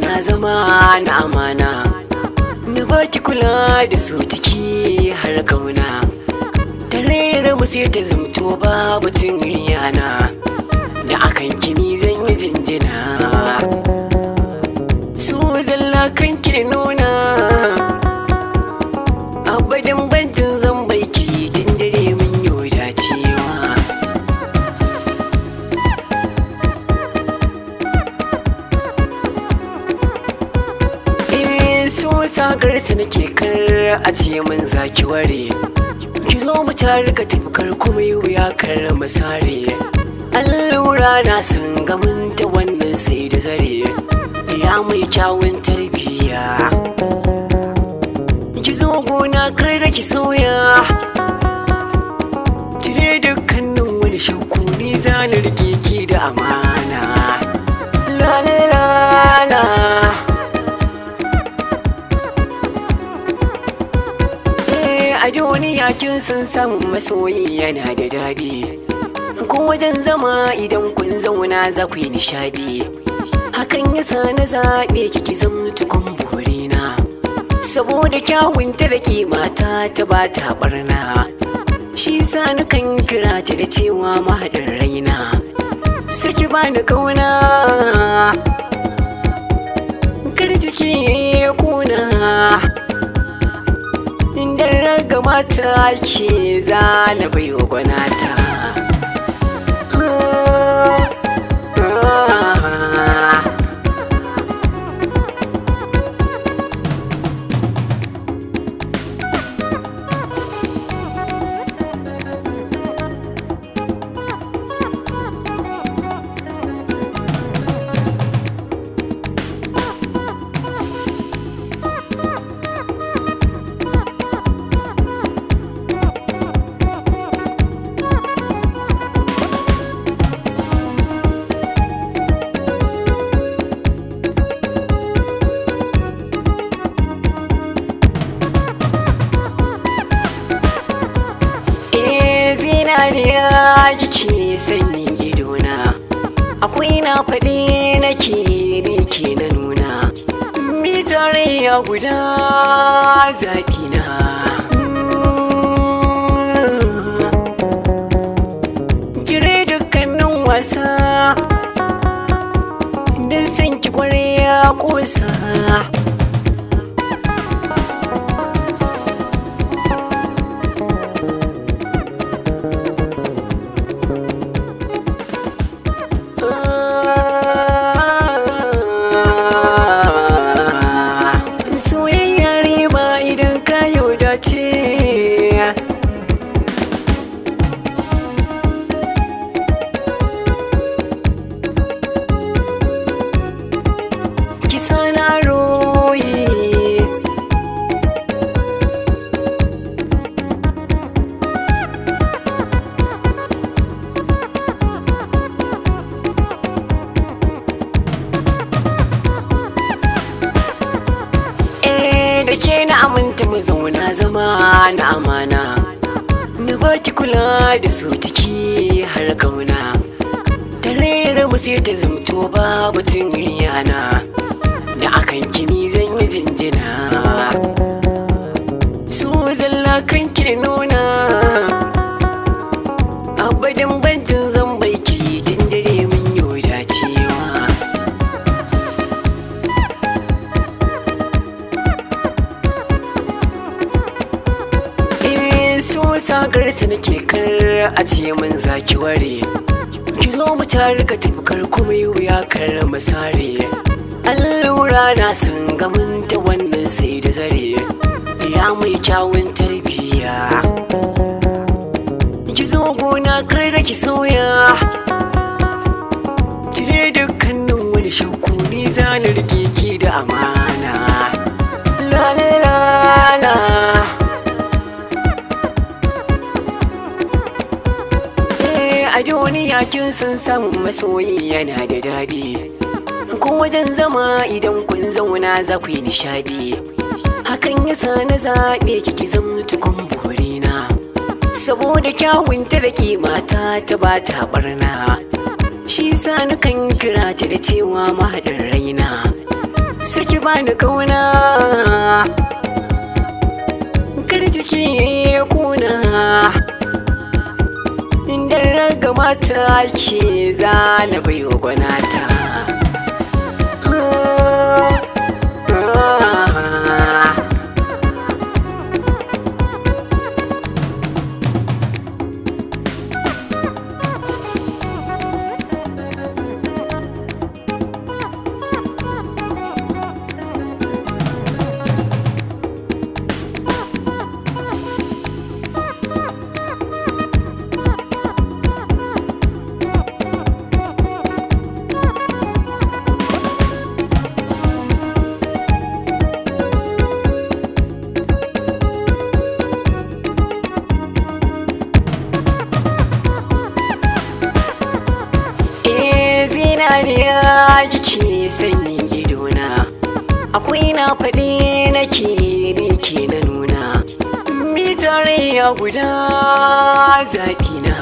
na zama na amana na baki kula da su ciki har kauna tarayyar mu sai ta zumto babu cin yana da akan kini zan yi jinjina su zalla kan ki nuna ta nake kar a ce mun zaki ware ki zo mu ta rika tafkar kuma yi wuya kar mu sare allura na san gamin ta wannan sai da zare ya mai kyawun tarbiyya ki zo gona kar da ki soya tire dukkanin wani shakku ni zanar ki da amana a duniya kin sun san masoyi yana da daɗi kun wajen zama idan kun zauna za ku yi nishadi hakan yasa na zaɓe kiki zamtukun burina saboda kyawun ta da mata ta ba ta barna shi sa na kan kira ta da cewa mahadin raina saki ba ni kauna kar jiki kuna ta ke zana bai gwanata dariya jiki sanyin gidona akwai na faɗi nake ne ke na nuna mitariya guda zafi na jire dukkanin wasa don san ki kwarai zama na amana na baki kula da su ciki har kauna tarera mu sai ta zumto babu cin yana da akan kini zan yi jinjina garta nake kan a ciye mun zaki ware ki zo mu ta rika tafkar kuma yi wuya kar mu sare allura na san gamin ta wannan sai da zare ya mai kyawun tarbiyya ki zo gona kar da ki soya duniya kin sun san masoyi yana da daɗi kun wajen zama idan kun zauna za ku yi nishadi hakan yasa na zaɓe kiki zamtukun burina saboda kyawun ta da mata ta ba ta barna shi sa na kan kira ta da cewa mahaɗin raina saki ba ni kauna kar jiki kuna mata ke zana bai gwanata zinariya kike sanyin gidona akwai na faɗi nake ne ke na nuna mitariya guda zafi na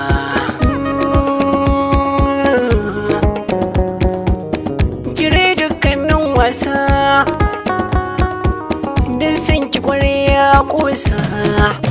jire dukkanin wasa don san ki ya ƙosa